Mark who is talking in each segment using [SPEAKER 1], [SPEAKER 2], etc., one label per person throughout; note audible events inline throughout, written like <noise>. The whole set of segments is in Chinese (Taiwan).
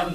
[SPEAKER 1] 大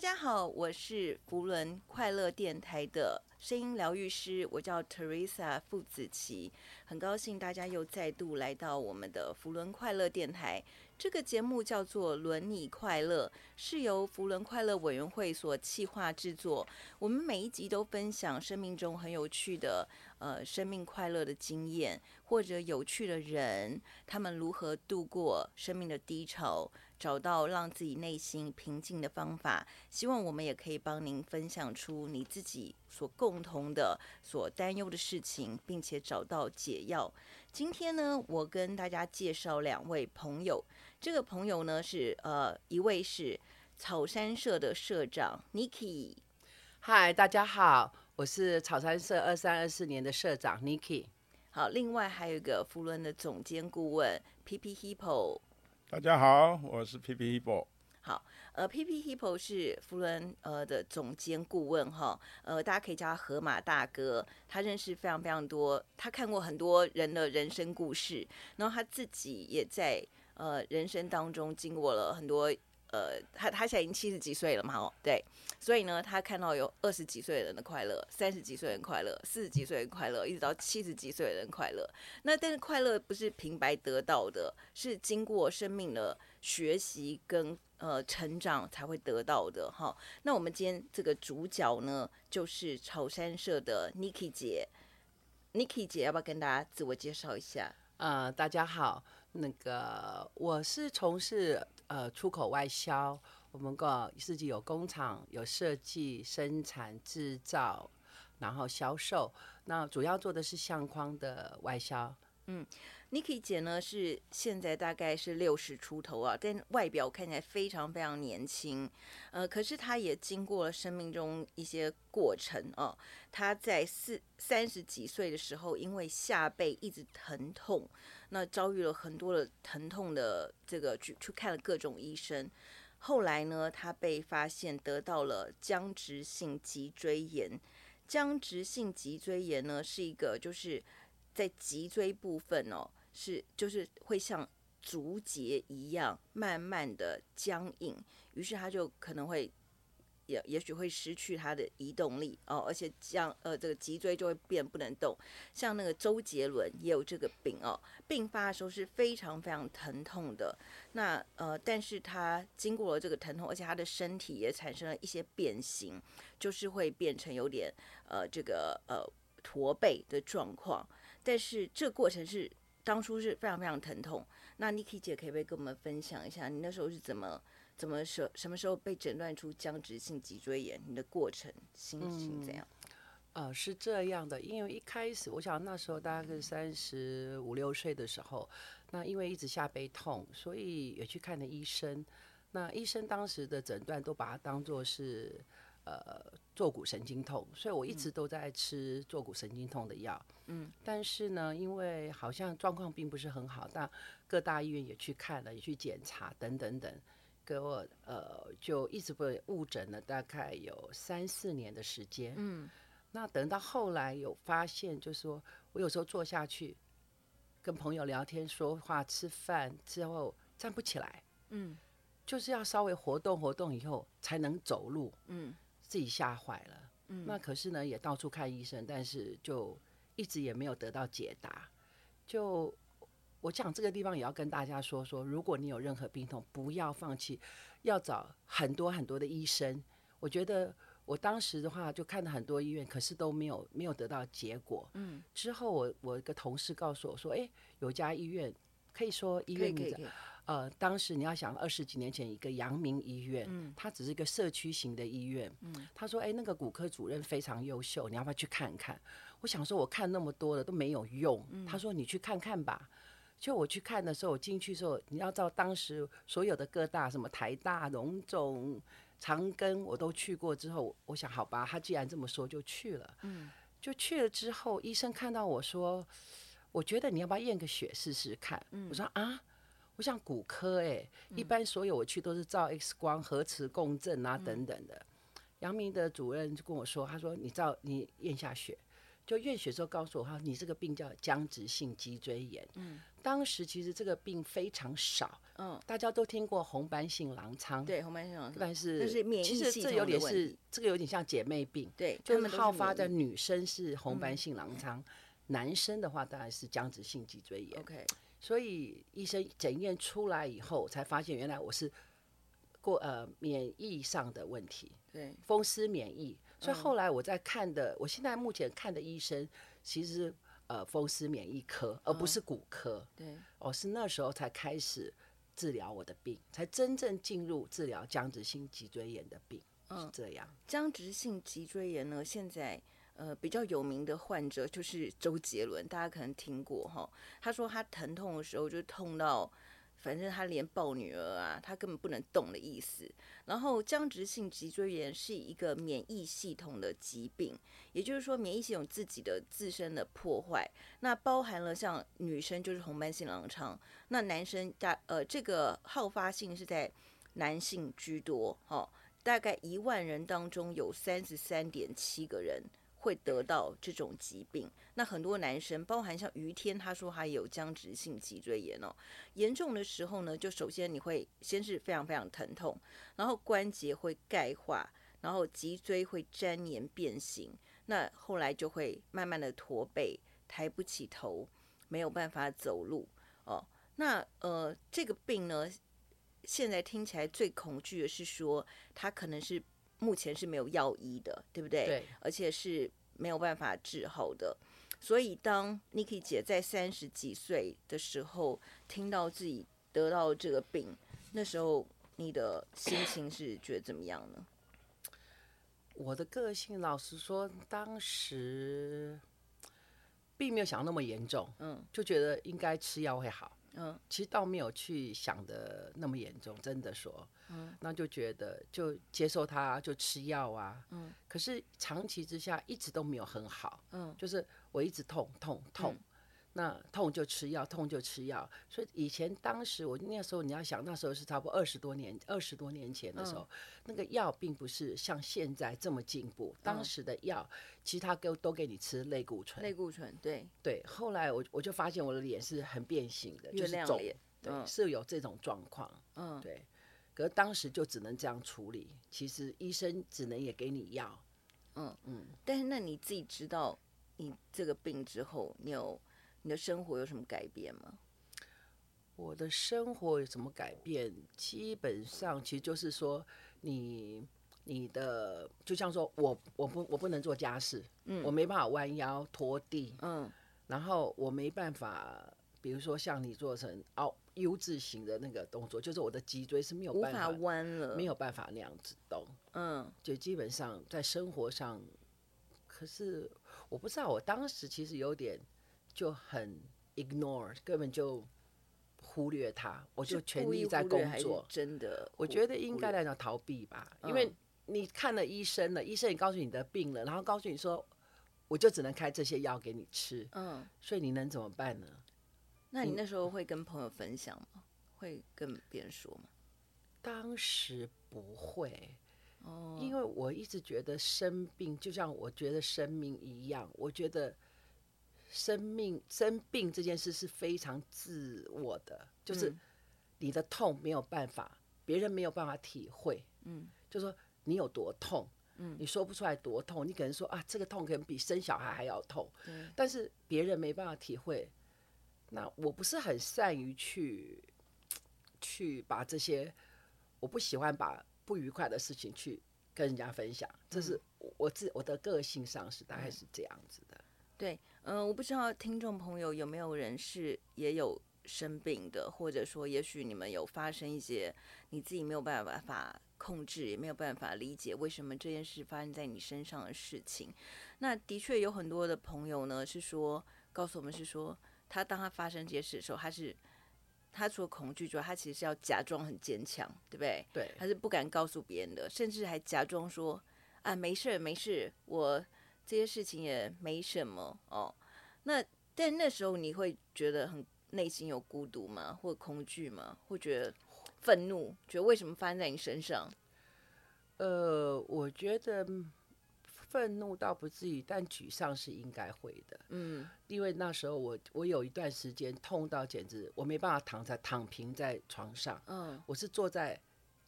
[SPEAKER 1] 家好，我是扶輪快樂電台的聲音療癒師，我叫 Teresa 傅子綺。很高興大家又再度來到我們的扶輪快樂電台。這個節目叫做“輪你快樂”，是由扶輪快樂委員會所企劃製作。我們每一集都分享生命中很有趣的。呃，生命快樂的經驗，或者有趣的人，他們如何度過生命的低潮，找到讓自己內心平靜的方法。希望我們也可以幫您分享出你自己所共同的、所擔憂的事情，並且找到解藥。今天呢，我跟大家介紹兩位朋友。這個朋友呢，是呃，一位是草山社的社長 Nikki。嗨，Hi, 大家好。我
[SPEAKER 2] 是草山社二三二四年的社長 Niki。好，另外還有一個扶輪的總
[SPEAKER 1] 監顧問 P P Hippo。大家好，我是 P P Hippo。好，呃，P P Hippo 是扶輪呃的總監顧問哈，呃，大家可以叫他河馬大哥。他認識非常非常多，他看過很多人的人生故事，然後他自己也在呃人生當中經過了很多。呃，他他現在已經七十幾歲了嘛，哦，對，所以呢，他看到有二十幾歲人的快樂，三十幾歲人快樂，四十幾歲人快樂，一直到七十幾歲的人快樂。那但是快樂不是平白得到的，是經過生命的學習跟呃成長才會得到的，哈。那我們今天這個主角呢，就是草山社的 Nikki 姐 Nikki 姐要不要跟大家自我介紹一下？呃，
[SPEAKER 2] 大家好，那個我是從事。呃，出口外銷，我們個自己有工廠，有設計、生產、製造，
[SPEAKER 1] 然後銷售。那主要
[SPEAKER 2] 做的是相框的外銷。嗯，Nikki
[SPEAKER 1] 姐呢是現在大概是六十出頭啊，在外表看起來非常非常年輕。呃，可是她也經過了生命中一些過程啊。她在四三十幾歲的時候，因為下背一直疼痛，那遭遇了很多的疼痛的這個去去看了各種醫生。後來呢，她被發現得到了僵直性脊椎炎。僵直性脊椎炎呢是一個就是。在脊椎部分哦，是就是會像竹節一樣慢慢的僵硬，於是他就可能會也也許會失去他的移動力哦，而且這樣呃這個脊椎就會變不能動，像那個周杰倫也有這個病哦，病發的時候是非常非常疼痛的，那呃但是他經過了這個疼痛，而且他的身體也產生了一些變形，就是會變成有點呃這個呃駝背的狀況。但是這個過程是當初是非常非常疼痛。那 Nikki 姐可以跟我們分享一下，你那時候是怎麼怎麼什什麼時候被診斷出僵直性脊椎炎？你的過程心情怎樣？嗯，
[SPEAKER 2] 呃，是這樣的，因為一開始我想那時候大概是三十五六歲的時候，那因為一直下背痛，所以也去看了醫生。那醫生當時的診斷都把它當做是呃。坐骨神經痛，所以我一直都在吃坐骨神經痛的藥。嗯，但是呢，因為好像狀況並不是很好，但各大醫院也去看了，也去檢查等等等，給我呃就一直被誤診了，大概有三四年的時間。嗯，那等到後來有發現，就是說我有時候坐下去，跟朋友聊天、說話、吃飯之後站不起來。嗯，就是要稍微活動活動以後才能走路。嗯。自己嚇壞了，嗯，那可是呢也到處看醫生，但是就一直也沒有得到解答。就我講這個地方也要跟大家說說，如果你有任何病痛，不要放棄，要找很多很多的醫生。我覺得我當時的話就看了很多醫院，可是都沒有沒有得到結果。嗯，之後我我一個同事告訴我說，哎、欸，有家醫院可以說醫院。可以可以可以呃，當時你要想，二十幾年前一個陽明醫院，他、嗯、只是一個社區型的醫院，嗯、他說，哎、欸，那個骨科主任非常優秀，你要不要去看看？我想說，我看那麼多了都沒有用。嗯、他說，你去看看吧。就我去看的時候，我進去的時候，你要知道當時所有的各大，什麼台大、榮總、長庚，我都去過之後，我想好吧，他既然這麼說，就去了、嗯。就去了之後，醫生看到我說，我覺得你要不要驗個血試試看、嗯？我說啊。不像骨科哎、欸嗯，一般所有我去都是照 X 光、核磁共振啊等等的。陽、嗯、明的主任就跟我說，他說你照你驗下血，就驗血之後告訴我哈，他說你這個病叫僵直性脊椎炎。嗯，當時其實這個病非常少，嗯，大家都聽過紅斑性狼瘡。對，紅斑性狼瘡，但是但是免疫系統的問題。其實這有點是，這個有點像姐妹病。對，就他們好發的女生是紅斑性狼瘡、嗯嗯，男生的話當然是僵直性脊椎炎。OK。所以醫生檢驗出來以後，才發現原來我是過呃免疫上的問題，對，風濕免疫。所以後來我在看的、嗯，我現在目前看的醫生，其實是呃風濕免疫科，而不是骨科，嗯、對，哦、呃、是那時候才開始治療我的病，才真正進入治療僵
[SPEAKER 1] 直性脊椎炎的病，是這樣。僵直性脊椎炎呢，現在。呃，比較有名的患者就是周杰倫，大家可能聽過哈。他說他疼痛的時候就痛到，反正他連抱女兒啊，他根本不能動的意思。然後，僵直性脊椎炎是一個免疫系統的疾病，也就是說，免疫系統自己的自身的破壞。那包含了像女生就是紅斑性狼瘡，那男生大呃，這個好發性是在男性居多哈，大概一萬人當中有三十三點七個人。會得到這種疾病，那很多男生，包含像於天，他說他有僵直性脊椎炎哦。嚴重的時候呢，就首先你會先是非常非常疼痛，然後關節會鈣化，然後脊椎會粘連變形，那後來就會慢慢的駝背，抬不起頭，沒有辦法走路哦。那呃，這個病呢，現在聽起來最恐懼的是說，他可能是目前是沒有藥醫的，對不對？對，而且是。沒有辦法治好的，所以當 Nikki 姐在三十幾歲的時候聽到自己得到這個病，那時候你的心情是覺得怎麼樣呢？
[SPEAKER 2] 我的個性老實說，當時並沒有想那麼嚴重，嗯，就覺得應該吃藥會好。嗯，其實倒沒有去想得那麼嚴重，真的說，嗯，那就覺得就接受他，就吃藥啊，嗯，可是長期之下一直都沒有很好，嗯，就是我一直痛痛痛，痛，嗯。那痛就吃藥，痛就吃藥。所以以前當時我那時候，你要想那時候是差不多二十多年，二十多年前的時候，嗯、那個藥並不是像現在這麼進步，嗯。當時的藥，其他給都給你吃類固醇。類固醇，對對。後來我我就發現我的臉是很變形的，就是腫，對，嗯，是有這種狀況。嗯，對。可是當時就只能這
[SPEAKER 1] 樣處理，其實醫生只能也給你藥。嗯嗯。但是那你自己知道你這個病之後，你有你的生活有什麼改變嗎？
[SPEAKER 2] 我的生活有什麼改變？基本上，其實就是說你，你你的就像說我，我我不我不能做家事，嗯，我沒辦法彎腰拖地，嗯，然後我沒辦法，比如說像你做成哦 U 字形的那個動作，就是我的脊椎是沒有辦法彎了，沒有辦法那樣子動，嗯，就基本上在生活上，可是我不知道，我當時其實有點。就很 ignore，根本就忽略他。我就全力在工作，真
[SPEAKER 1] 的。我覺得應該來講
[SPEAKER 2] 逃避吧，嗯，因為你看了醫生了，醫生也告訴你得病了，然後告訴你說，我就只能開這些藥給你吃。嗯，所以你能怎麼辦呢？那你那時候會跟朋友分享嗎？會跟別人說嗎？當時不會，哦，
[SPEAKER 3] 因
[SPEAKER 2] 為我一直覺得生病就像我覺得生命一樣，我覺得。生命生病這件事是非常自我的，嗯、就是你的痛沒有辦法，別人沒有辦法體會。嗯，就說你有多痛，嗯、你說不出來多痛，你可能說啊，這個痛可能比生小孩還要痛。嗯、但是別人沒辦法體會。那我不是很善於去去把這些，我不喜歡把不愉快的事情去跟人家分享，嗯、這是我自我的個性上是大概是這樣子的。嗯
[SPEAKER 1] 對，嗯，我不知道聽眾朋友有沒有人是也有生病的，或者說也許你們有發生一些你自己沒有辦法法控制，也沒有辦法理解為什麼這件事發生在你身上的事情。那的確有很多的朋友呢是說告訴我們是說，他當他發生這些事的時候，他是他除了恐懼之外，他其實是要假裝很堅強，對不對？對，他是不敢告訴別人的，甚至還假裝說啊沒事沒事，我。這些事情也沒什麼哦。那但那時候你會覺得很內心有孤獨嗎？或恐懼嗎？或覺得憤怒？覺得為什麼發生在你身上？呃，我覺得憤怒倒不至於，但沮
[SPEAKER 2] 喪是應該會的。嗯，因為那時候我我有一段時間痛到簡直我沒辦法躺在躺平在床上。嗯，我是坐在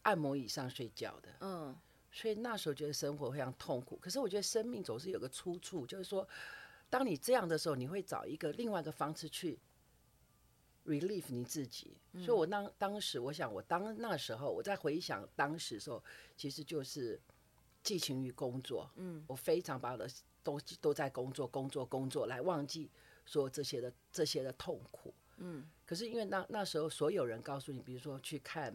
[SPEAKER 2] 按摩椅上睡覺的。嗯。所以那時候覺得生活非常痛苦，可是我覺得生命總是有個出處，就是說，當你這樣的時候，你會找一個另外一個方式去 relieve 你自己。嗯，所以我，我當當時我想，我當那時候我在回想當時的時候，其實就是寄情於工作，嗯，我非常把我的東西都在工作，工作，工作，來忘記所有這些的這些的痛苦，嗯。可是因為那那時候所有人告訴你，比如說去看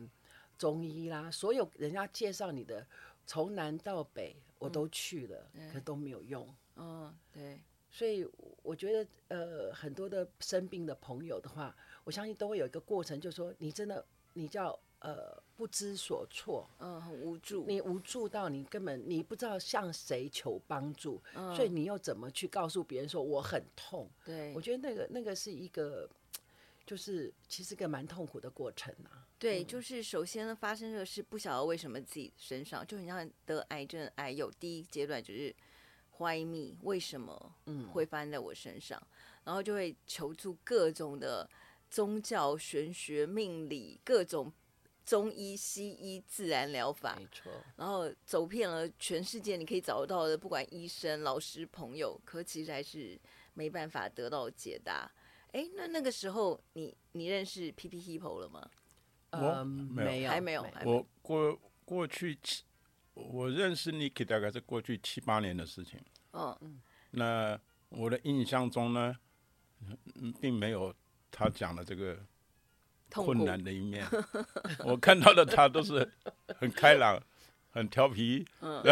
[SPEAKER 2] 中醫啦，所有人家介紹你的。從南到北我都去了，嗯、可是都沒有用。嗯，對，所以我覺得呃，很多的生病的朋友的話，我相信都會有一個過程，就是說你真的你叫呃不知所措，嗯，很無助，你無助到你根本你不知道向誰求幫助、嗯，所以你又怎麼去告訴別人說我很痛？對，我覺得那個那個是一個。就是其實是個蠻痛苦的過程啊，
[SPEAKER 1] 對，嗯、就是首先呢，發生的事不曉得為什麼自己身上，就很像得癌症癌，癌有第一階段就是 Why me，為什麼嗯會發生在我身上、嗯？然後就會求助各種的宗教、玄學、命理，各種中醫、西醫、自然療法，沒錯。然後走遍了全世界，你可以找得到的，不管醫生、老師、朋友，可其實還是沒辦法得到解答。哎，那那個時候你你認識 PP Hipo 了嗎？我、嗯、沒，沒有，還沒有。我
[SPEAKER 4] 過過去七，我認識 Nikki 大概是過去七八年的事情。哦，嗯。那我的印象中呢，嗯、並沒有他講的這個困難的一面。我看到的他都是很開朗、 <laughs> 很調皮，嗯、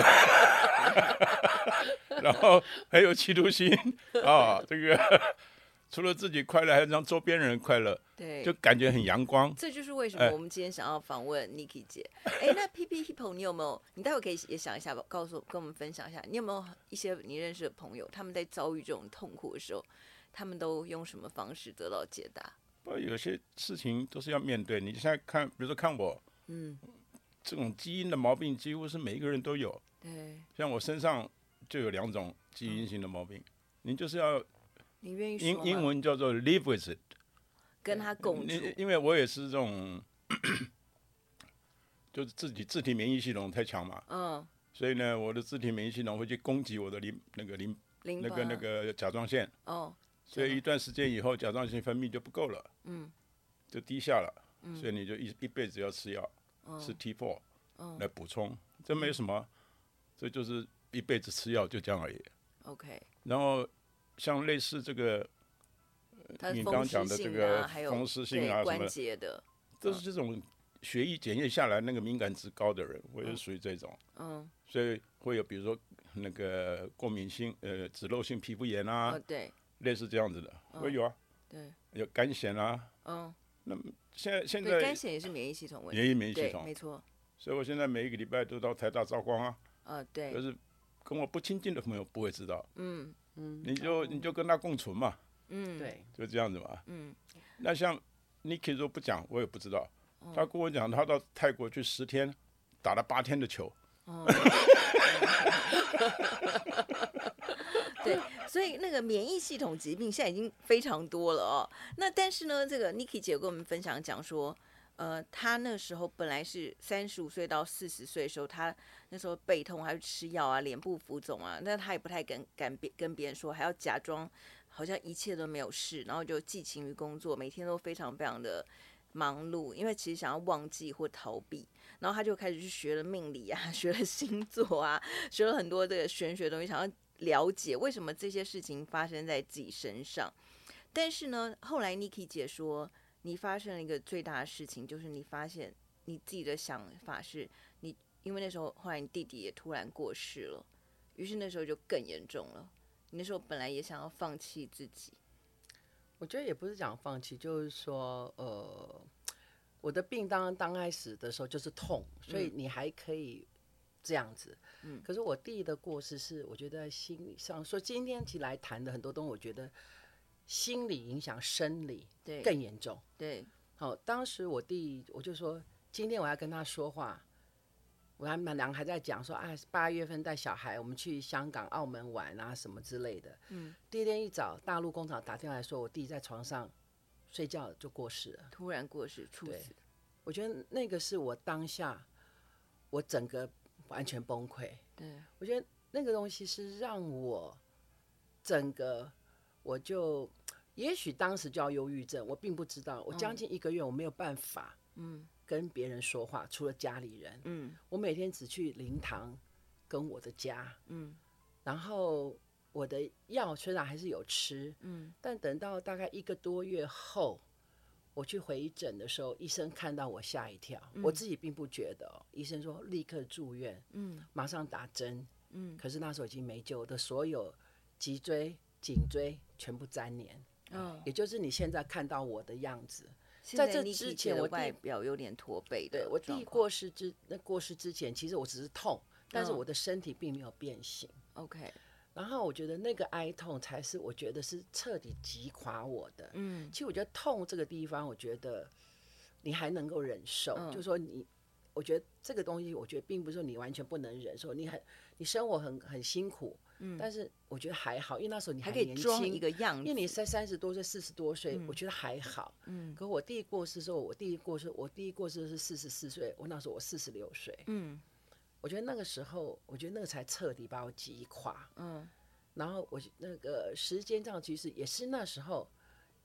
[SPEAKER 4] <laughs> <laughs> 然後還有企圖心啊、哦，這個。除了自己快樂，還是讓周邊人快樂，對，就感覺很陽光。這就是為什麼我們
[SPEAKER 1] 今天想要訪問 Nikki 姐。哎， <laughs> 誒那 PP Hipo 你有沒有？你待會可以也想一下吧，告訴跟我們分享一下，你有沒有一些你認識的朋友，他們在遭遇這種痛苦的時候，他們都用什麼方式得到解答？不過
[SPEAKER 4] 有些事情都是要面對。你現在看，比如說看我，
[SPEAKER 1] 嗯，
[SPEAKER 4] 這種基因的毛病幾乎是每一個人都有。
[SPEAKER 1] 對，
[SPEAKER 4] 像我身上就有兩種基因型的毛病。嗯、你就是要。
[SPEAKER 1] 你願意英，英文
[SPEAKER 4] 叫做 live with it，
[SPEAKER 1] 跟他共處。因為
[SPEAKER 4] 因為我也是這種咳咳，就是自己自體免疫系統太強嘛，
[SPEAKER 3] 嗯，
[SPEAKER 4] 所以呢，我的自體免疫系統會去攻擊我的那個零那個那個甲狀腺，哦，所以一段時間以後，甲狀腺分泌，就不夠
[SPEAKER 3] 了，
[SPEAKER 4] 嗯，就低下了，嗯，所以你就一一輩子要吃藥，吃 T four，嗯，來補充，嗯，這沒什麼，這就是一輩子吃藥，就這樣而已。OK，然後。像類似這個，啊、你剛講的這個風濕性啊什麼，還有關節的，都是這種血液檢驗下來那個敏感值高的人，嗯、我也屬於這種嗯。
[SPEAKER 3] 嗯，
[SPEAKER 4] 所以會有比如說那個過敏性，呃，脂漏性皮膚炎啊、哦，對，類似這樣子的，哦、會有啊。
[SPEAKER 1] 對，
[SPEAKER 4] 有乾癬啊。嗯、哦。那麼現在現在乾
[SPEAKER 1] 癬也是免疫系統問題。免疫免疫系統沒錯。
[SPEAKER 4] 所以我現在每一個禮拜都到台大照光啊。啊、嗯，對。就是跟我不親近的朋友不會知道。嗯。
[SPEAKER 3] 嗯，你
[SPEAKER 4] 就你就跟他共存嘛，嗯，對，就這樣子嘛，嗯，那像 Nikki 說不講，我也不知道，嗯、他跟我講他到泰國去十天，打了八天的球，
[SPEAKER 1] 嗯、 <laughs> <laughs> 對，所以那個免疫系統疾病現在已經非常多了哦。那但是呢，這個 Nikki 姐跟我們分享講說。呃，他那時候本來是三十五歲到四十歲的時候，他那時候背痛還是吃藥啊，臉部浮腫啊，但他也不太敢敢跟跟別人說，還要假裝好像一切都沒有事，然後就寄情於工作，每天都非常非常的忙碌，因為其實想要忘記或逃避，然後他就開始去學了命理啊，學了星座啊，學了很多這個玄學的東西，想要了解為什麼這些事情發生在自己身上。但是呢，後來 Nikki 姐說。你發生了一個最大的事情，就是你發現你自己的想法是你，你因為那時候後來你弟弟也突然過世了，於是那時候就更嚴重了。你那時候本來也想要放棄自己，
[SPEAKER 2] 我覺得也不是想放棄，就是說呃，我的病當剛開始的時候就是痛，所以你還可以這樣子，嗯，可是我弟弟的過世是，我覺得心理上，說，今天其實來談的很多東西，我覺得。心理影響生理，更嚴重。對，好、哦，當時我弟，我就說，今天我要跟他說話。我還蠻兩個還在講說啊，八月份帶小孩，我們去香港、澳門玩啊，什麼之類的。嗯。第二天一早，大陸工廠打電話來說，我弟在床上睡覺就過世了，突然過世，猝死。對，我覺得那個是我當下，我整個完全崩潰。對，我覺得那個東西是讓我整個。我就，也許當時叫憂鬱症，我並不知道。嗯、我將近一個月我沒有辦法，嗯，跟別人說話、嗯，除了家裡人，嗯，我每天只去靈堂，跟我的家，
[SPEAKER 3] 嗯，
[SPEAKER 2] 然後我的藥雖然還是有吃，嗯，但等到大概一個多月後，我去回診的時候，醫生看到我嚇一跳、嗯，我自己並不覺得、喔。醫生說立刻住院，嗯，馬上打針，嗯，可是那時候已經沒救，我的所有脊椎。頸椎全部粘連，嗯、哦，也就是你現在看到我的樣子，在這之前我外表有點駝背在，對我弟過世之那過世之前，其實我只是痛，但是我的身體並沒有變形。哦、OK，然後我覺得那個哀痛才是我覺得是徹底擊垮我的。嗯，其實我覺得痛這個地方，我覺得你還能夠忍受，嗯、就是、說你，我覺得這個東西，我覺得並不是說你完全不能忍受，你很你生活很很辛苦。但是我覺得還好，因為那時候你還，還可以裝一個樣子，因為你才三十多歲、四十多歲，嗯，我覺得還好。嗯。可我弟過世的時候，我弟過世，我弟過世，的弟過世，的是四十四歲，我那時候我四十六歲。嗯。我覺得那個時候，我覺得那個才徹底把我擊垮。嗯。然後我那個時間上其實也是那時候，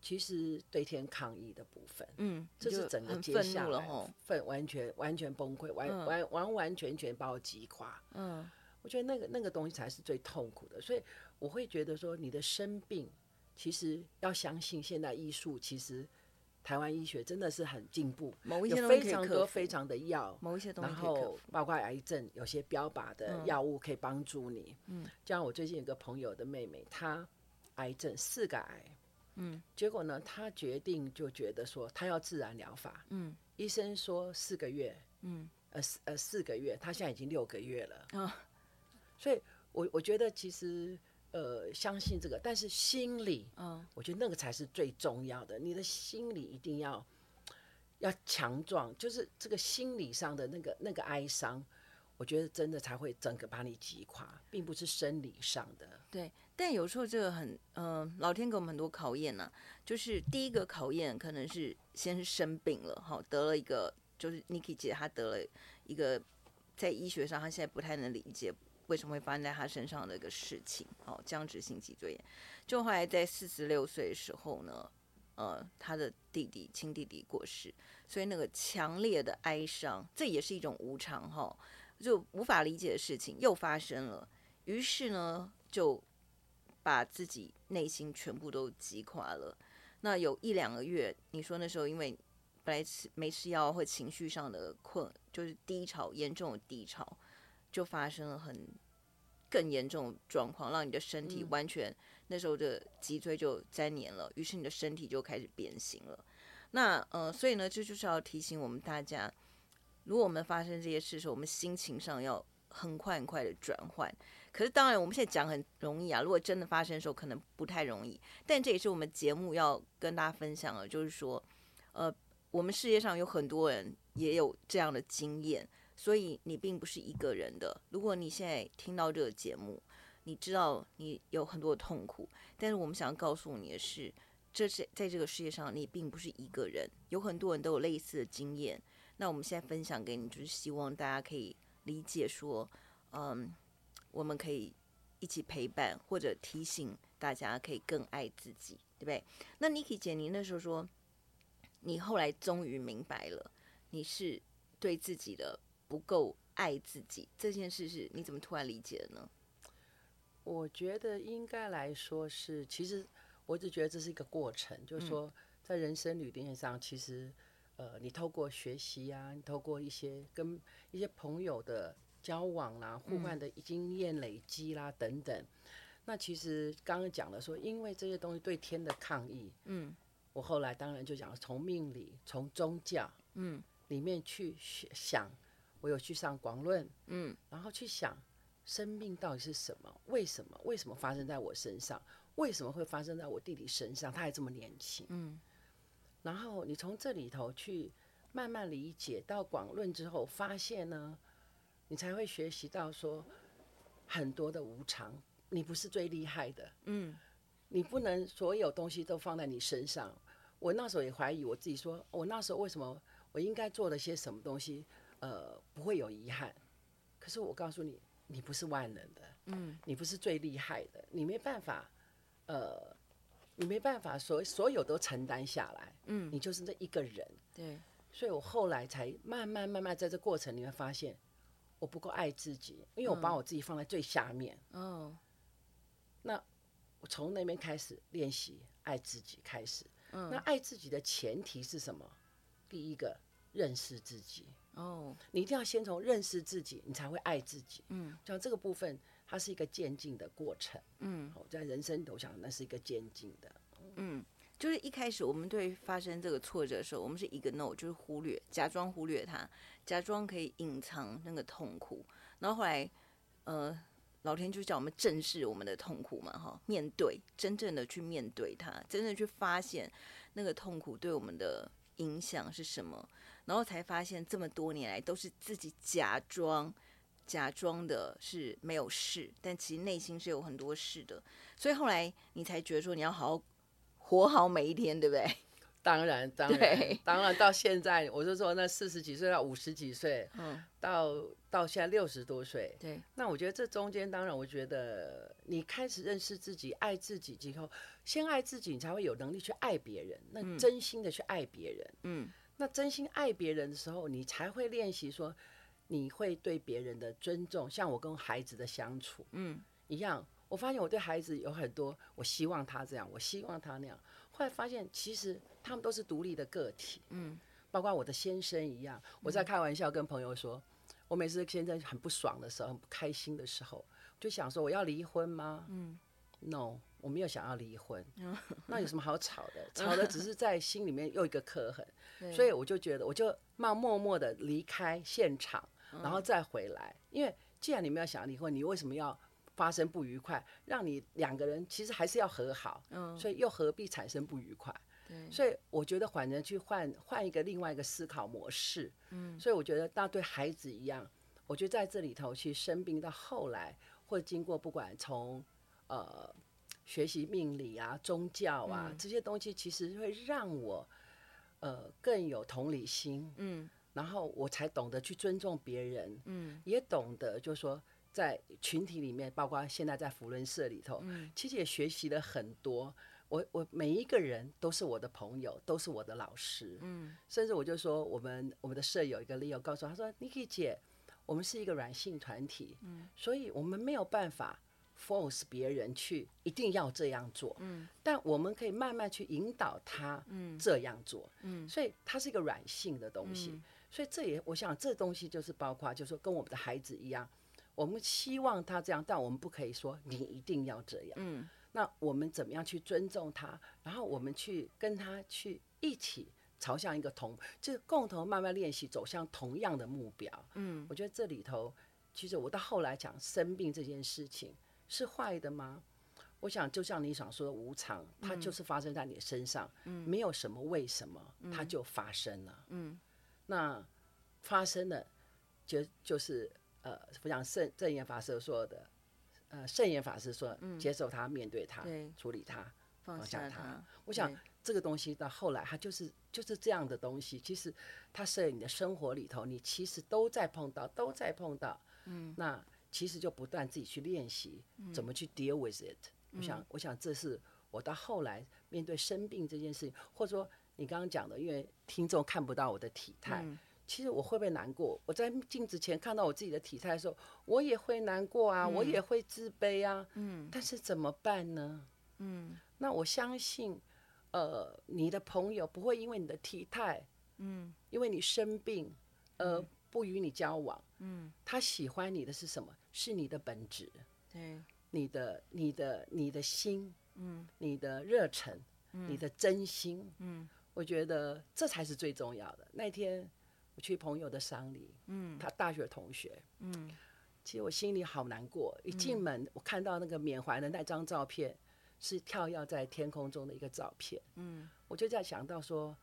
[SPEAKER 2] 其實對天抗議的部分。
[SPEAKER 3] 嗯。這、就是整個接下來，憤怒了
[SPEAKER 2] 分完全完全崩潰，完、嗯、完完完全全把我擊垮。嗯。嗯我覺得那個那個東西才是最痛苦的，所以我會覺得說你的生病，其實要相信現代醫術，其實台灣醫學真的是很進步，嗯、某一些非常多非常的藥，然後包括癌症，有些標靶的藥物可以幫助你嗯。嗯，就像我最近有一個朋友的妹妹，她癌症四個癌，嗯，結果呢，她決定就覺得說她要自然療法。嗯，醫生說四個月，嗯，呃四呃四個月，她現在已經六個月了。嗯所以我，我我覺得其實，呃，相信這個，但是心理，嗯，我覺得那個才是最重要的。你的心理一定要要強壯，就是這個心理上的那個那個哀傷，
[SPEAKER 1] 我覺得真的才會整個把你擊垮，並不是生理上的。對，但有時候這個很，嗯、呃，老天給我們很多考驗呢、啊。就是第一個考驗可能是先生病了，齁，得了一個，就是 Nikki 姐她得了一個，在醫學上她現在不太能理解。為什麼會發生在他身上的一個事情？哦，僵直性脊椎炎，就後來在四十六歲的時候呢，呃，他的弟弟，親弟弟過世，所以那個強烈的哀傷，這也是一種無常哈、哦，就無法理解的事情又發生了。於是呢，就把自己內心全部都擊垮了。那有一兩個月，你說那時候因為本來沒吃藥或情緒上的困，就是低潮，嚴重的低潮。就發生了很更嚴重狀況，讓你的身體完全、嗯、那時候的脊椎就粘連了，於是你的身體就開始變形了。那呃，所以呢，這就是要提醒我們大家，如果我們發生這些事的時候，我們心情上要很快很快的轉換。可是當然，我們現在講很容易啊，如果真的發生的時候，可能不太容易。但這也是我們節目要跟大家分享的，就是說，呃，我們世界上有很多人也有這樣的經驗。所以你並不是一個人的。如果你現在聽到這個節目，你知道你有很多的痛苦，但是我們想要告訴你的是，是這是在這個世界上，你並不是一個人，有很多人都有類似的經驗。那我們現在分享給你，就是希望大家可以理解，說，嗯，我們可以一起陪伴或者提醒大家，可以更愛自己，對不對？那 Nikki 姐，你那時候說，你後來終於明白了，你是對自己的。不夠愛自己這件事，是你怎麼突然理解的呢？我覺得應該來
[SPEAKER 2] 說是，其實我一直覺得這是一個過程，嗯、就是說在人生旅程上，其實呃，你透過學習啊，你透過一些跟一些朋友的交往啦、啊、互換的經驗累積啦、啊、等等、嗯，那其實剛剛講了說，因為這些東西對天的抗議，嗯，我後來當然就講從命理、從宗教，嗯，裡面去學想。我有去上廣論，嗯，然後去想生命到底是什麼？為什麼？為什麼發生在我身上？為什麼會發生在我弟弟身上？他還這麼年輕，嗯。然後你從這裡頭去慢慢理解到廣論之後，發現呢，你才會學習到說很多的無常。你不是最厲害的，嗯，你不能所有東西都放在你身上。我那時候也懷疑我自己說，說我那時候為什麼？我應該做了些什麼東西？呃，不會有遺憾。可是我告訴你，你不是萬能的，嗯，你不是最厲害的，你沒辦法，呃，你沒辦法所，所所有都承擔下來，嗯，你就是那一個人，
[SPEAKER 3] 對。
[SPEAKER 2] 所以我後來才慢慢慢慢在這過程，你會發現，我不夠愛自己，因為我把我自己放在最下面，嗯、哦。那我從那邊開始練習愛自己，開始，嗯。那愛自己的前提是什麼？第一個，認識自己。哦，你一定要先從認識自己，你才會愛自己。嗯，像這個部分，它是一個漸進的過程。嗯，喔，在人生
[SPEAKER 1] 頭上，那是一個漸進的。
[SPEAKER 3] 嗯，
[SPEAKER 1] 就是一開始我們對發生這個挫折的時候，我們是一個 no，就是忽略，假裝忽略它，假裝可以隱藏那個痛苦。然後後來，呃，老天就叫我們正視我們的痛苦嘛，哈，面對，真正的去面對它，真正去發現那個痛苦對我們的影響是什麼。然後才發現，這麼多年來都是自己假裝，假裝的是沒有事，但其實內心是有很多事的。所以後來你才覺得說，你要好好活好每一天，對不對？當然，當然，
[SPEAKER 2] 當然。到現在，我就說，那四十幾歲到五十幾歲，嗯，到到現在六十多歲，對、嗯。那我覺得這中間，當然，我覺得你開始認識自己、愛自己之後，先愛自己，你才會有能力去愛別人，那真心的去愛別人，嗯。嗯那真心愛別人的時候，你才會練習說，你會對別人的尊重。像我跟孩子的相處，嗯，一樣，我發現我對孩子有很多，我希望他這樣，我希望他那樣。後來發現，其實他們都是獨立的個體，嗯，包括我的先生一樣。我在開玩笑跟朋友說，我每次先生很不爽的時候，很不開心的時候，就想說我要離婚嗎？嗯，no。我沒有想要離婚， <laughs> 那有什麼好吵的？吵的只是在心裡面又一個刻痕， <laughs> 所以我就覺得，我就冒默默的離開現場，然後再回來。嗯、因為既然你沒有想要離婚，你為什麼要發生不愉快？讓你兩個人其實還是要和好，嗯、所以又何必產生不愉快？所以我覺得緩能去換換一個另外一個思考模式。嗯、所以我覺得那對孩子一樣，我覺得在這裡頭去生病到後來，或經過不管從呃。學習命理啊、宗教啊、嗯、這些東西，其實會讓我呃更有同理心，嗯，然後我才懂得去尊重別人，嗯，也懂得就是說在群體裡面，包括現在在扶輪社裡頭，嗯，其實也學習了很多。我我每一個人都是我的朋友，都是我的老師，嗯，甚至我就說我，我們我們的社友一個 Leo 告訴他說：“Niki 姐，我們是一個軟性團體，嗯，所以我們沒有辦法。” force 別人去一定要這樣做，嗯，但我們可以慢慢去引導他，這樣做，嗯，所以他是一個軟性的東西，嗯，所以這也我想這東西就是包括，就是說跟我們的孩子一樣，我們希望他這樣，但我們不可以說你一定要這樣，嗯，那我們怎麼樣去尊重他，然後我們去跟他去一起朝向一個同，就是共同慢慢練習走向同樣的目標，嗯，我覺得這裡頭其實我到後來講生病這件事情。是壞的嗎？我想，就像你想說的無常，它就是發生在你身上，嗯，沒有什麼為什麼，它就發生了。嗯嗯、那發生了，就就是呃，不像聖聖嚴法師說的，呃，聖嚴法師說，接受它，面對它，嗯，處理它，放下它。我想這個東西到後來，它就是就是這樣的東西。其實它是在你的生活裡頭，你其實都在碰到，都在碰到。嗯，那。其實就不斷自己去練習、嗯，怎麼去 deal with it、嗯。我想，我想，這是我到後來面對生病這件事情，或者說你剛剛講的，因為聽眾看不到我的體態、嗯，其實我會不會難過？我在鏡子前看到我自己的體態的時候，我也會難過啊、嗯，我也會自卑啊。嗯，但是怎麼辦呢？嗯，那我相信，呃，你的朋友不會因為你的體態，
[SPEAKER 3] 嗯，
[SPEAKER 2] 因為你生病，呃。嗯不與你交往、嗯，他喜歡你的是什麼？是你的本質，
[SPEAKER 3] 對，
[SPEAKER 2] 你的你的你的心，嗯、你的熱忱、嗯，你的真心、嗯，我覺得這才是最重要的。那天我去朋友的喪禮、嗯，他大學同學、嗯，其實我心裡好難過。一進門、嗯，我看到那個緬懷的那張照片，是跳躍在天空中的一個照片，嗯、我就在想到說。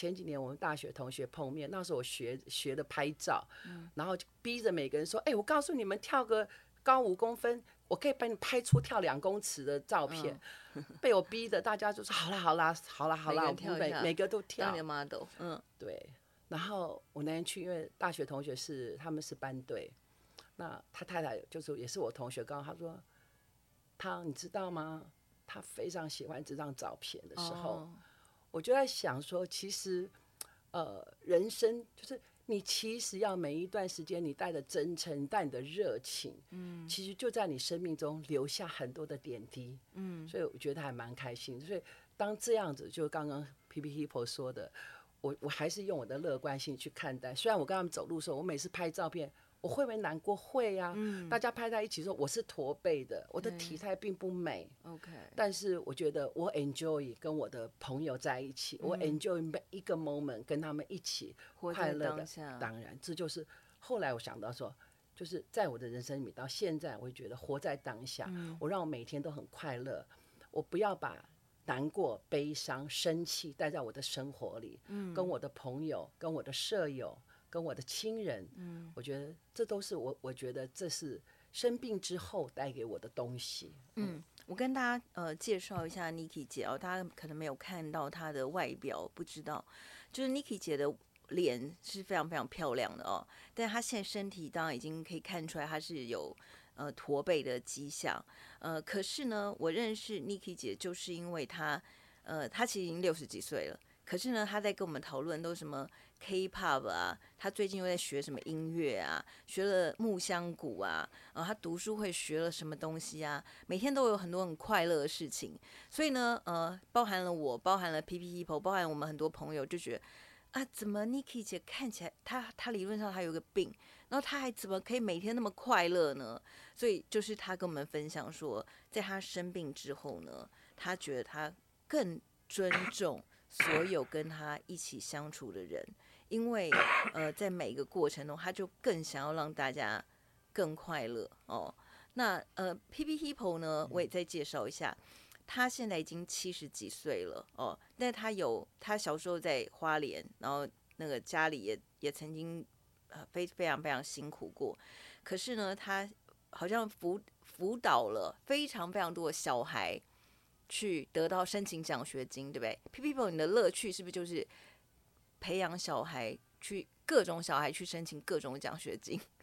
[SPEAKER 2] 前幾年我們大學同學碰面，那時候我學學的拍照、嗯，然後就逼着每個人說：“哎、欸，我告訴你們，跳個高五公分，我可以把你拍出跳兩公尺的照片。嗯” <laughs> 被我逼的，大家就說：“好啦，好啦，好啦，好啦。跳跳我不跳跳。”每個都跳 model, 嗯，對。然後我那天去，因為大學同學是他們是班隊，那他太太就是也是我同學，剛他說他你知道嗎？他非常喜歡這張照片的時候。哦我就在想說，其實，呃，人生就是你其實要每一段時間，你帶着真誠，帶你的熱情，嗯，其實就在你生命中留下很多的點滴，嗯，所以我覺得還蠻開心。所以當這樣子，就剛剛 PP Hipo 說的，我我還是用我的樂觀性去看待。雖然我跟他們走路的時候，我每次拍照片。我會不會難過？會啊，嗯，大家拍在一起說我是駝背的，我的體態並不美。嗯。OK，但是我覺得我 enjoy 跟我的朋友在一起，嗯，我 enjoy 每一個 moment 跟他們一起快樂的當。當然，這就是後來我想到說，就是在我的人生裡到現在，我會覺得活在當下，嗯，我讓我每天都很快樂。我不要把難過、悲傷、生氣帶在我的生活裡。嗯。跟我的朋友，跟我的社友。跟我的親人，嗯，我覺得這都是我，我
[SPEAKER 1] 覺得這是生病之後帶給我的東西。嗯，
[SPEAKER 3] 嗯，
[SPEAKER 1] 我跟大家呃介紹一下 Nikki 姐哦，大家可能沒有看到她的外表，不知道，就是 Nikki 姐的臉是非常非常漂亮的哦，但她現在身體當然已經可以看出來，她是有呃駝背的跡象。呃，可是呢，我認識 Nikki 姐，就是因為她，呃，她其實已經六十幾歲了，可是呢，她在跟我們討論都什麼？K-pop 啊，他最近又在學什麼音樂啊？學了木箱鼓啊，然、啊、後他讀書會學了什麼東西啊？每天都有很多很快樂的事情，所以呢，呃，包含了我，包含了 PP Hipo，包含我們很多朋友，就覺得啊，怎麼 Niki 姐看起來他，她她理論上她有個病，然後她還怎麼可以每天那麼快樂呢？所以就是她跟我們分享說，在她生病之後呢，她覺得她更尊重所有跟她一起相處的人。因為，呃，在每一個過程中，他就更想要讓大家更快樂哦。那呃，PP Hipo 呢？我也再介紹一下，他現在已經七十幾歲了哦。但他有，他小時候在花蓮，然後那個家裡也也曾經呃，非非常非常辛苦過。可是呢，他好像輔輔導了非常非常多的小孩去得到申請獎學金，對不對？PP Hipo，你的樂趣是不是就是？培養小孩去各種小孩去申請各種獎學金 <laughs>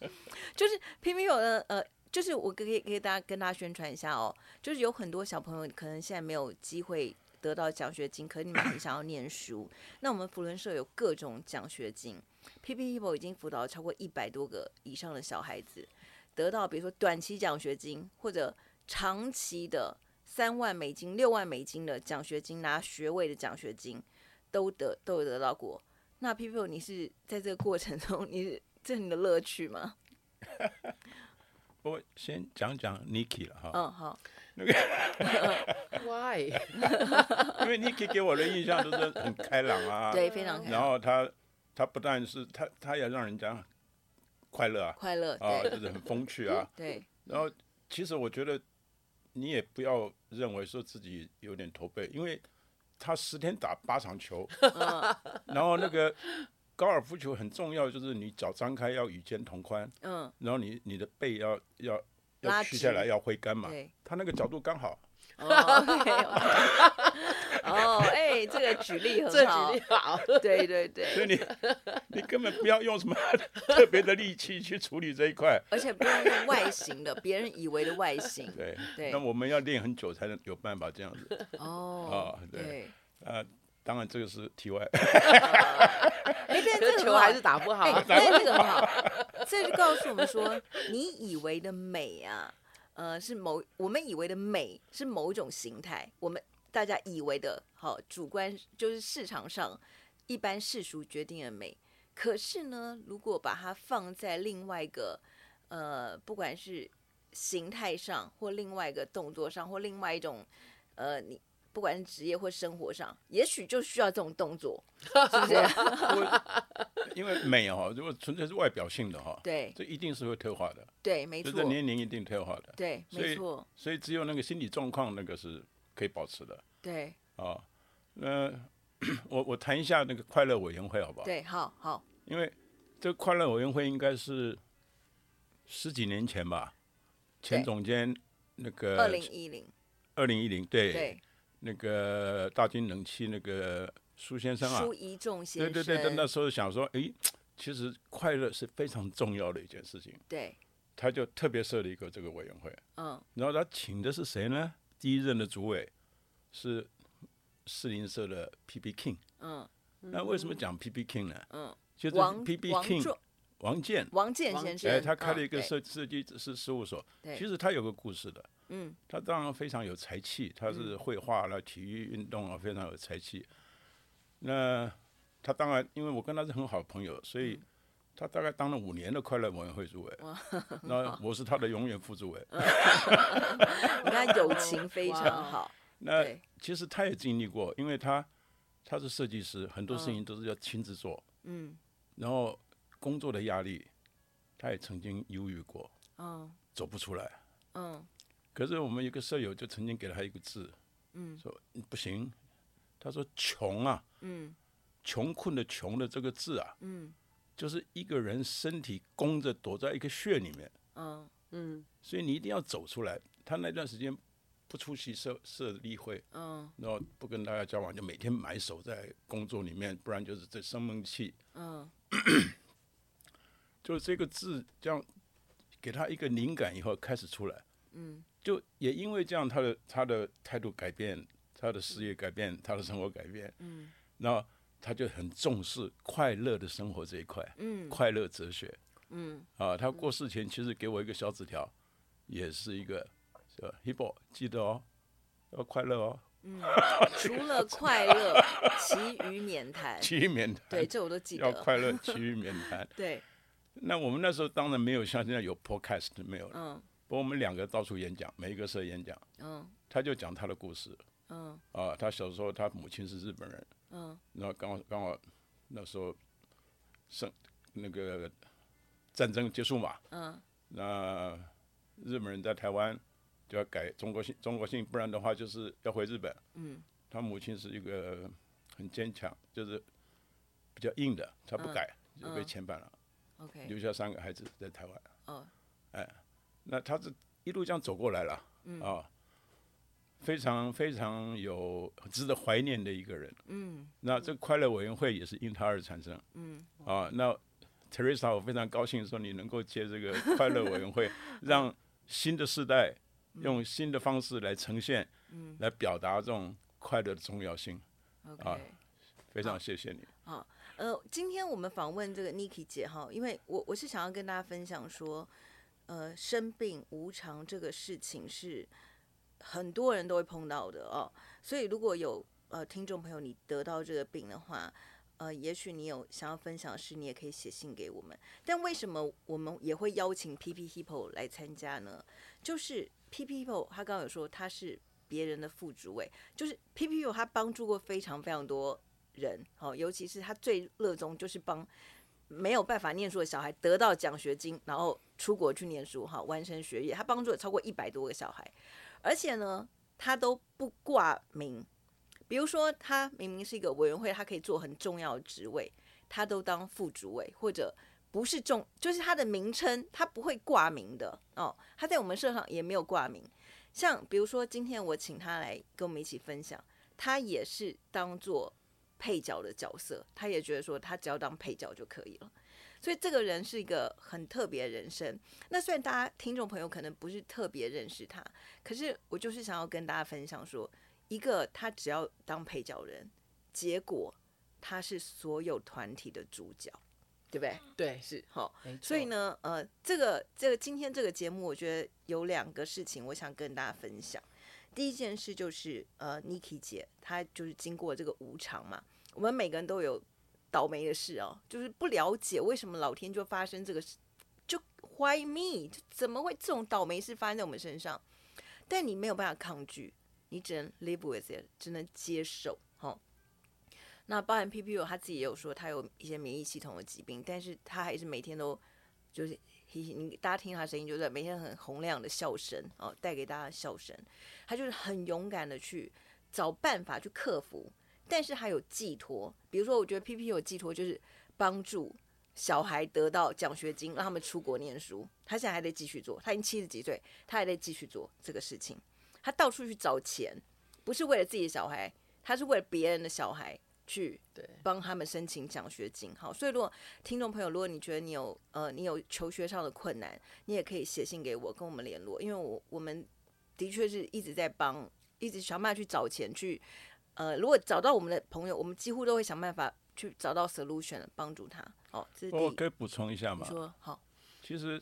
[SPEAKER 1] <laughs> 就是 PP Hipo 呃，就是我可以可以大家跟大家宣傳一下哦，就是有很多小朋友可能現在沒有機會得到獎學金，可是你們很想要念書， <coughs> 那我們扶輪社有各種獎學金，PP Hipo 已經輔導了超過一百多個以上的小孩子得到，比如說短期獎學金或者長期的三萬美金、六萬美金的獎學金，拿學位的獎學金。都得都有得到過，那 Hipo，你是在這個過程中，你是這你的樂趣嗎？
[SPEAKER 4] <laughs> 我先講講 Nikki 了哈，嗯。嗯，好。
[SPEAKER 1] 那 <laughs> 個 Why？因為 Nikki 給我的印象就是很開朗啊。 <laughs> 對，非常開朗。然
[SPEAKER 4] 後他他不但是他，他也讓人家快樂啊。快樂啊，就是很風趣啊 <laughs> 對。對。然後其實我覺得你也不要認為說自己有點駝背，因為。他十天打八場球， <laughs> 然後那個高爾夫球很重要，就是你腳張開要與肩同寬， <laughs> 嗯，然後你你的背要要要拉下來，要揮桿嘛，他那個角度剛好。嗯
[SPEAKER 1] 哦，哎，這個舉例很好，舉例好，
[SPEAKER 2] 對對對。所以你你
[SPEAKER 4] 根本不要用什麼特別的力氣去處理這一塊，
[SPEAKER 1] 而且不用用外形的， <laughs> 別人以為的外形。
[SPEAKER 4] 對對。那我們要練很久才能有辦法這樣子。
[SPEAKER 2] 哦、
[SPEAKER 1] oh, oh。對。
[SPEAKER 4] 啊、呃，當然這個是題外。
[SPEAKER 2] 哎、 <laughs> uh, 欸，這球還是打不好、啊欸打不好，哎，這、那個很好。 <laughs> 這就告訴我們說，
[SPEAKER 1] 你以為的美啊。呃，是某我們以為的美是某一種形態，我們大家以為的，好、哦、主觀就是市場上一般世俗決定的美。可是呢，如果把它放在另外一個，呃，不管是形態上，或另外一個動作上，或另外一種，呃，你。不管是職業或生活上，也許就需要這種動作，
[SPEAKER 4] 是不是？ <laughs> 因為美哈，如果純粹是外表性的哈，對，這一定是會退化的，對，沒錯。就是、這年齡一定退化的，對，沒錯。所以只有那個心理狀況那個是可以保持的，對。啊、哦，那我我談一下那個快樂委員會好不好？
[SPEAKER 1] 對，好好。
[SPEAKER 4] 因為這個快樂委員會應該是十幾年前吧？
[SPEAKER 1] 前總
[SPEAKER 4] 監那個？二零一零。二零一零，對2010，對。對那個大金冷氣，那個蘇先生啊，蘇一
[SPEAKER 1] 仲先生，對對對，那
[SPEAKER 4] 時候想說，哎、欸，其實快樂是非常重要的一件事情。對，他就特別設立一個這個委員會。嗯，然後他請的是誰呢？第一任的主委是士林社的 P. P. King。嗯，那為什麼講 P. P. King 呢？嗯，就是、PP、King 王健，王健先生，哎、欸，他開了一個設設計師事務所，啊對，其實他有個故事的。嗯，他當然非常有才氣，他是繪畫了、嗯、體育運動啊，非常有才氣。那他當然，因為我跟他是很好的朋友，所以他大概當了五年的快樂委員會主委，那我是他的永遠副主委。 <laughs>
[SPEAKER 1] 哇 <laughs> 你看友情非常
[SPEAKER 3] 好
[SPEAKER 4] <laughs> 那其實他也經歷過，因為他他是設計師，很多事情都是要親自做。嗯。然後工作的壓力，他也曾經憂鬱過。
[SPEAKER 3] 嗯。走不出來。嗯。
[SPEAKER 4] 可是我們一個社友就曾經給了他一個字，嗯，說不行，他說窮啊，嗯，窮困的窮的這個字啊，嗯，就是一個人身體弓着躲在一個穴裡面，
[SPEAKER 3] 哦，
[SPEAKER 4] 嗯，所以你一定要走出來。他那段時間不出席社社例會，嗯、哦，然後不跟大家交往，就每天埋首在工作裡面，不然就是在生悶氣，嗯、哦， <coughs> 就是這個字，這樣給他一個靈感以後開始出來，嗯。就也因為這樣他，他的他的態度改變，他的事業改變，他的生活改變，那、嗯、他就很重視快樂的生活這一塊，嗯、快樂哲學、嗯啊，他過世前其實給我一個小紙條，嗯、也是一個，是吧？Hipo，記得哦，要快樂哦。嗯、 <laughs> 除了
[SPEAKER 3] 快樂，其
[SPEAKER 1] 餘免談。 <laughs> 其餘免談。對，這我都記得。要快樂，其餘免談。 <laughs> 對。
[SPEAKER 4] 那我們那時候當然沒有像現在有 Podcast 沒有了。嗯我們兩個到處演講，每一個社演講，oh. 他就講他的故事，oh. 啊，他小時候他母親是日本人，oh. 然後剛好剛好那時候，是那個戰爭結束嘛，oh. 那日本人在台灣就要改中國姓，中國姓，不然的話就是要回日本，mm. 他母親是一個很堅強，就是比較硬的，他不改、oh. 就被遣返了、oh. okay. 留下三個孩子在台灣，oh. 哎。那他是一路這樣走過來了，嗯，啊，非常非常有值得懷念的一個人。嗯，那這個快樂委員會也是因他而產生。嗯，啊，okay. 那 Teresa，我非常高興說你能夠接這個快樂委員會， <laughs> 讓新的世代用新的方式來呈現，嗯，來表達這種快樂的重要性。Okay. 啊，非常謝謝你。
[SPEAKER 1] 啊，呃，今天我們訪問這個 Nikki 姐哈，因為我我是想要跟大家分享說。呃，生病無常這個事情是很多人都會碰到的哦。所以，如果有呃聽眾朋友你得到這個病的話，呃，也許你有想要分享的事，你也可以寫信給我們。但為什麼我們也會邀請 P P Hipo 來參加呢？就是 P P Hipo 他剛剛有說他是別人的副主委，就是 P P, -P Hipo 他幫助過非常非常多人，好，哦，尤其是他最熱衷就是幫。沒有辦法念書的小孩得到獎學金，然後出國去念書，哈，完成學業。他幫助了超過一百多個小孩，而且呢，他都不掛名。比如說，他明明是一個委員會，他可以做很重要的職位，他都當副主委或者不是重，就是他的名稱他不會掛名的哦。他在我們社上也沒有掛名。像比如說今天我請他來跟我們一起分享，他也是當做。配角的角色，他也覺得說他只要當配角就可以了，所以這個人是一個很特別的人生。那雖然大家聽眾朋友可能不是特別認識他，可是我就是想要跟大家分享說，一個他只要當配角人，結果他是所有團體的主角，對不對？對，是好。所以呢，呃，這個這個今天這個節目，我覺得有兩個事情，我想跟大家分享。第一件事就是，呃，Nikki 姐她就是經過這個無常嘛。我們每個人都有倒霉的事哦，就是不了解為什麼老天就發生這個事，就 Why me？就怎麼會這種倒霉事發生在我們身上？但你沒有辦法抗拒，你只能 live with it，只能接受。好，哦，那包含 PP Hipo 他自己也有說他有一些免疫系統的疾病，但是他還是每天都就是。你大家聽他聲音，就是每天很洪亮的笑聲哦，帶給大家笑聲。他就是很勇敢的去找辦法去克服，但是他有寄托。比如說，我覺得 P P 有寄托，就是幫助小孩得到獎學金，讓他們出國念書。他現在還在繼續做，他已經七十幾歲，他還在繼續做這個事情。他到處去找錢，不是為了自己的小孩，他是為了別人的小孩。去幫他們申請獎學金，好，所以如果聽眾朋友，如果你覺得你有呃，你有求學上的困難，你也可以寫信給我，跟我們聯絡，因為我我們的確是一直在幫，一直想辦法去找錢去，呃，如果找到我們的朋友，我們幾乎都會想辦法去找到 solution 幫助他。好，我可以補充一下嗎？說好，
[SPEAKER 4] 其實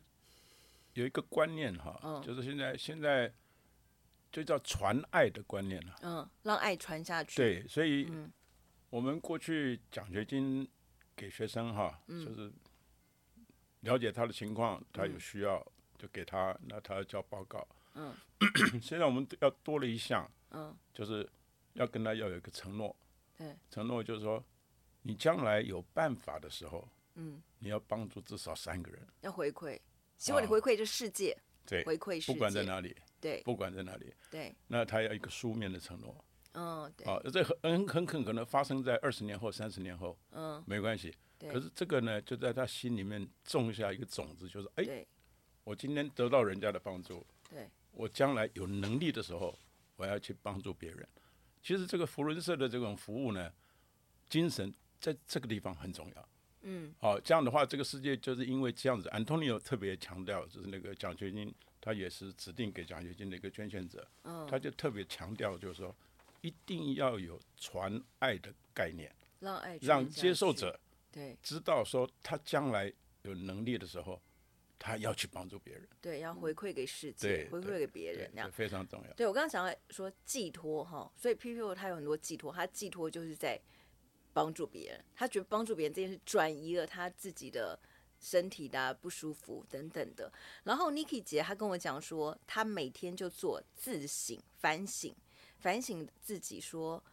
[SPEAKER 4] 有一個觀念哈、嗯，就是現在現在就叫傳愛的觀念了，
[SPEAKER 1] 嗯，讓愛傳下去，對，
[SPEAKER 4] 所以嗯。我們過去獎學金給學生哈、嗯，就是了解他的情況，他有需要、嗯、就給他，那他要交報告。嗯。現在我們要多了一項。
[SPEAKER 1] 嗯。
[SPEAKER 4] 就是要跟他要有一個承諾。嗯、承諾就是說，你將來有辦法的時候、
[SPEAKER 1] 嗯，
[SPEAKER 4] 你要幫助至少三個人。
[SPEAKER 1] 要回饋，希望你回饋這世界、哦。對。回饋世界。不管在哪裡。對。
[SPEAKER 4] 不管在哪裡。對。那他要一個書面的承諾。嗯、oh，啊，這很很很可能發生在二十年後、三十年後，oh, 沒關係，可是這個呢，就在他心裡面種下一個種子，就是哎，我今天得到人家的幫助，對，我將來有能力的時候，我要去幫助別人。其實這個扶輪社的這種服務呢，精神在這個地方很重要，嗯，好、啊，這樣的話，這個世界就是因為這樣子。安東尼奧特別強調，就是那個獎學金，他也是指定給獎學金的一個捐獻者，oh. 他就特別強調，就是說。一定要有傳愛的概念，讓愛讓接受者對知道說，他將來有能力的時候，他要去幫助別人，
[SPEAKER 1] 對，要回饋給世界，回饋給別人，
[SPEAKER 4] 那非常重要。對我
[SPEAKER 1] 剛剛想要說寄託哈，所以 PP Hipo 他有很多寄託，他寄託就是在幫助別人，他覺得幫助別人這件事轉移了他自己的身體的、啊、不舒服等等的。然後 Nikki 姐她跟我講說，她每天就做自省反省。反省自己說，說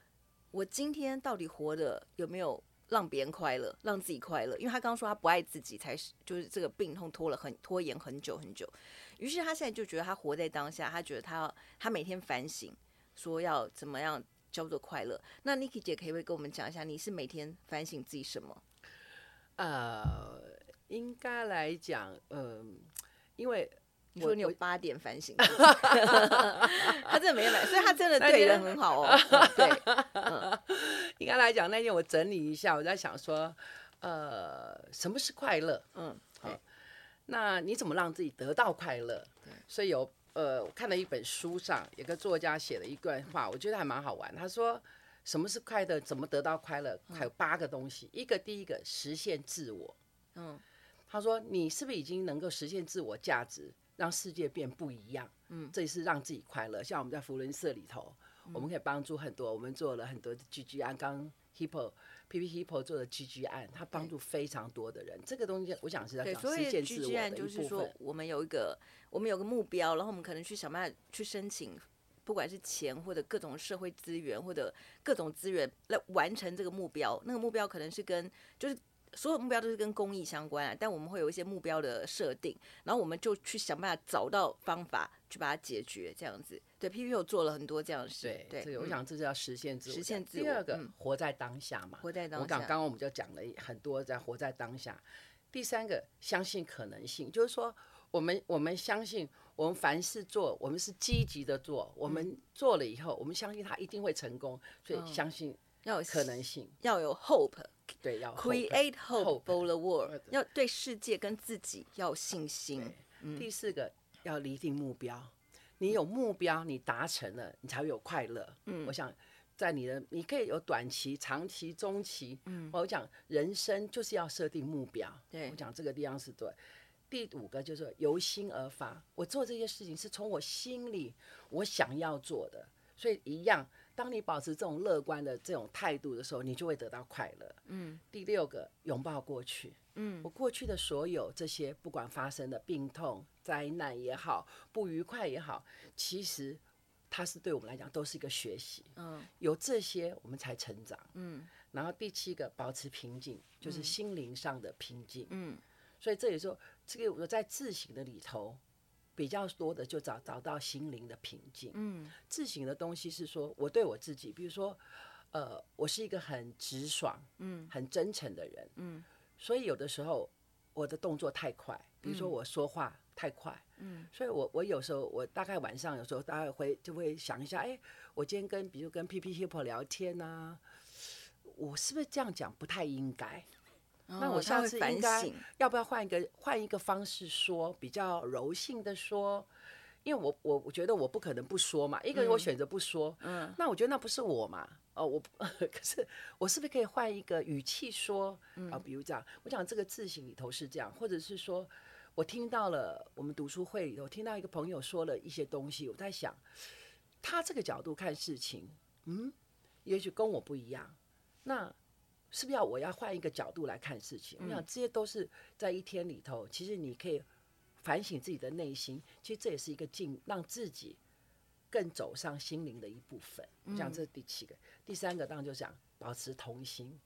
[SPEAKER 1] 我今天到底活得有沒有讓別人快樂，讓自己快樂？因為他剛剛說他不愛自己，才是就是這個病痛拖了很拖延很久很久，於是他現在就覺得他活在當下，他覺得他要他每天反省，說要怎麼樣叫做快樂？那 Niki 姐可不可以跟我們講一下，你是每天反省自己什麼？呃，應該來講，嗯、呃，
[SPEAKER 2] 因為。我說你有八點反省， <laughs> <laughs> 他真的沒來，所以他真的對人很好
[SPEAKER 1] 哦。 <laughs> 嗯、
[SPEAKER 2] 對，應該來講那天我整理一下，我在想說，呃，什麼是快樂？嗯，好、啊，那你怎麼讓自己得到快樂？嗯、對，所以有呃，我看了一本書上有個作家寫了一段話，我覺得還蠻好玩。他說什麼是快樂？怎麼得到快樂？嗯、還有八個東西，一個第一個實現自我。嗯，他說你是不是已經能夠實現自我價值？讓世界變不一樣，嗯、這也是讓自己快樂。像我們在扶輪社裡頭、嗯，我們可以幫助很多。我們做了很多 G G 案，剛剛 hippo P P Hipo
[SPEAKER 1] 做的 G G 案，他幫助非常多的人。這個東西我想是在講實踐是我們的一部分。所以 G G 案就是說，我們有一個，我們有個目標，然後我們可能去想辦法去申請，不管是錢或者各種社會資源或者各種資源來完成這個目標。那個目標可能是跟就是。所有目標都是跟公益相關，啊，但我們會有一些目標的設定，然後我們就去想辦法找到方法去把它解決，這樣子。對，PP Hipo 做了很多這樣的事。對，對。嗯，這個，我想這是要實
[SPEAKER 2] 現自我。實現自我。第二
[SPEAKER 1] 個，嗯、活在當下
[SPEAKER 2] 嘛。活在當下。我剛剛剛我們就講了，了很多在活在當下。第三個，相信可能性，就是說我們我們相信我們凡事做，我們是積極的做，嗯，我們做了以後，我們相信它一定會成功，所以相信，嗯。要有可能性，要有 hope，對，要 hope, create hope for the world，要對世界跟自己要有信心、嗯。第四個，要立定目標，你有目標，嗯、你達成了，你才會有快樂。嗯，我想在你的，你可以有短期、長期、中期。嗯，我講人生就是要設定目標。對、嗯、我講這個地方是對，對。第五個就是由心而發，我做這些事情是從我心裡我想要做的，所以一樣。當你保持這種樂觀的這種態度的時候，你就會得到快樂。嗯，第六個擁抱過去，嗯，我過去的所有這些，不管發生的病痛、災難也好，不愉快也好，其實它是對我們來講都是一個學習。嗯，有這些我們才成長。嗯，然後第七個保持平靜，就是心靈上的平靜。嗯嗯，所以這裡說這個我在自省的裡頭。比較多的就找找到心靈的平靜。嗯，自省的東西是說我對我自己，比如說，呃，我是一個很直爽，嗯，很真誠的人，嗯，所以有的時候我的動作太快，比如說我說話太快，嗯，所以我我有時候我大概晚上有時候大概會就會想一下，哎，欸，我今天跟比如跟 PP Hipo 聊天呢，啊，我是不是這樣講不太應該？那我下次應該要不要換一個換一個、哦、換一個方式說，比較柔性的說，因為我我我覺得我不可能不說嘛，一個人我選擇不說，嗯，那我覺得那不是我嘛，哦，我可是我是不是可以換一個語氣說，啊、呃，比如這樣，我講這個字形裡頭是這樣，或者是說我聽到了我們讀書會裡頭聽到一個朋友說了一些東西，我在想，他這個角度看事情，嗯，也許跟我不一樣，那。是不是要我要換一個角度來看事情？我、嗯、想這些都是在一天裡頭，其實你可以反省自己的內心。其實這也是一個進，讓自己更走上心靈的一部分。講、嗯、這是第七個，第三個當然就是想保持童心。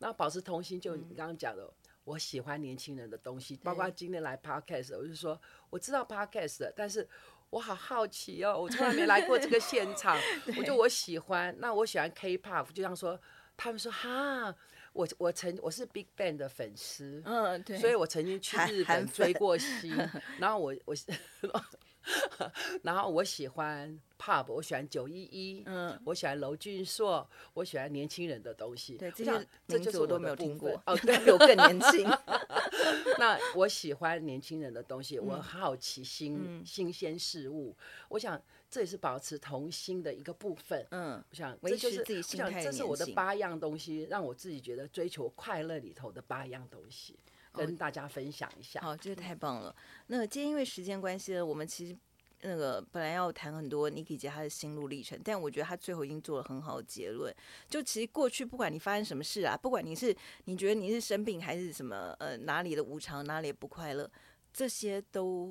[SPEAKER 2] 那保持童心就你剛剛講的，我喜歡年輕人的東西、嗯，包括今天來 podcast，我就說我知道 podcast，但是我好好奇哦、喔，我從來沒來過這個現場， <laughs> 我就我喜歡。那我喜歡 K-pop，就像說。他們說：“哈，我我曾我是 BigBang 的粉絲，嗯，對，所以我曾經去日本追過星。 <laughs> 然後我我， <laughs> 然後我喜歡 Pub，我喜歡九一一，嗯，我喜歡婁俊碩，我喜歡年輕人的東西。對，這些名字我都沒有聽過。哦，對，我更年輕。 <laughs> <laughs> 那我喜歡年輕人的東西，我很好奇新、嗯、新鮮事物，我想。”這也是保持童心的一個部分。嗯，我想這就是我想，我想這是我的八樣東西，讓我自己覺得追求
[SPEAKER 1] 快樂裡頭的八樣東西，哦，跟大家分享一下。好，這、就、個、是、太棒了。那今天因為時間關係呢，我們其實那個本來要談很多 Nikki 姐她的心路歷程，但我覺得她最後已經做了很好的結論。就其實過去不管你發生什麼事啊，不管你是你覺得你是生病還是什麼呃哪裡的無常哪裡不快樂，這些都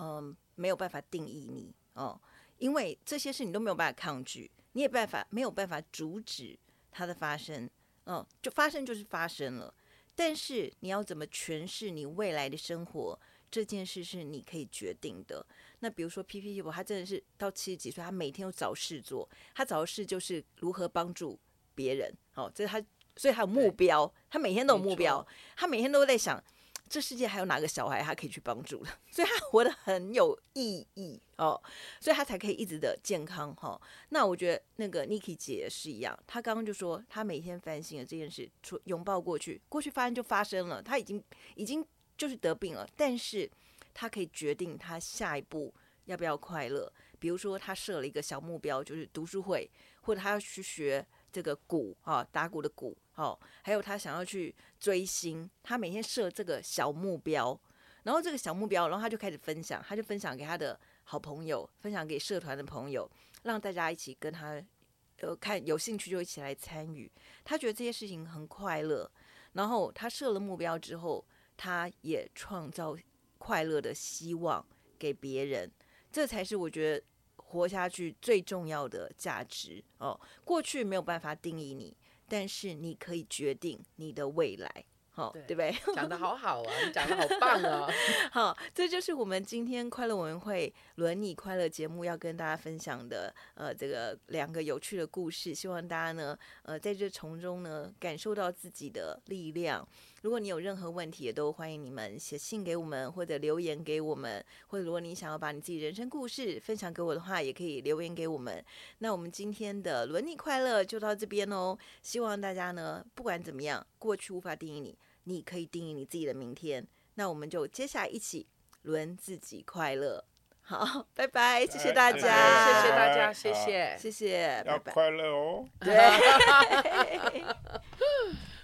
[SPEAKER 1] 嗯、呃、沒有辦法定義你哦。因為這些事你都沒有辦法抗拒，你也辦法沒有辦法阻止它的發生，嗯，就發生就是發生了。但是你要怎麼詮釋你未來的生活這件事是你可以決定的。那比如說 PP Hipo，他真的是到七十幾歲，他每天都找事做，他找的事就是如何幫助別人，好，這他，所以他有目標，他每天都有目標，他每天都在想。這世界還有哪個小孩他可以去幫助的？所以他活得很有意義哦，所以他才可以一直的健康哈、哦。那我覺得那個 Nikki 姐也是一樣，她剛剛就說她每天反省的這件事說，擁抱過去，過去發生就發生了。她已經已經就是得病了，但是她可以決定她下一步要不要快樂。比如說，她設了一個小目標，就是讀書會，或者她要去學。這個鼓啊，打鼓的鼓，好，還有他想要去追星，他每天設這個小目標，然後這個小目標，然後他就開始分享，他就分享給他的好朋友，分享給社團的朋友，讓大家一起跟他，呃，看有興趣就一起來參與。他覺得這些事情很快樂，然後他設了目標之後，他也創造快樂的希望給別人，這才是我覺得。活下去最重要的價值哦，過去沒有辦法定義你，但是你可以決定你的未來，好、哦，對不對？講的好好啊， <laughs> 你講的好棒啊！ <laughs> 好，這就是我們今天快樂委員會輪你快樂節目要跟大家分享的，呃，這個兩個有趣的故事，希望大家呢，呃，在這從中呢，感受到自己的力量。如果你有任何問題，也都歡迎你們寫信給我們，或者留言給我們，或者如果你想要把你自己人生故事分享給我的話，也可以留言給我們。那我們今天的輪你快樂就到這邊哦。希望大家呢，不管怎麼樣，過去無法定義你，你可以定義你自己的明天。那我們就接下來一起輪自己快樂。好，拜拜，謝謝大家，哎、謝、謝，拜拜謝謝大家，謝、啊、謝，謝謝，要快樂哦。對。
[SPEAKER 3] <laughs>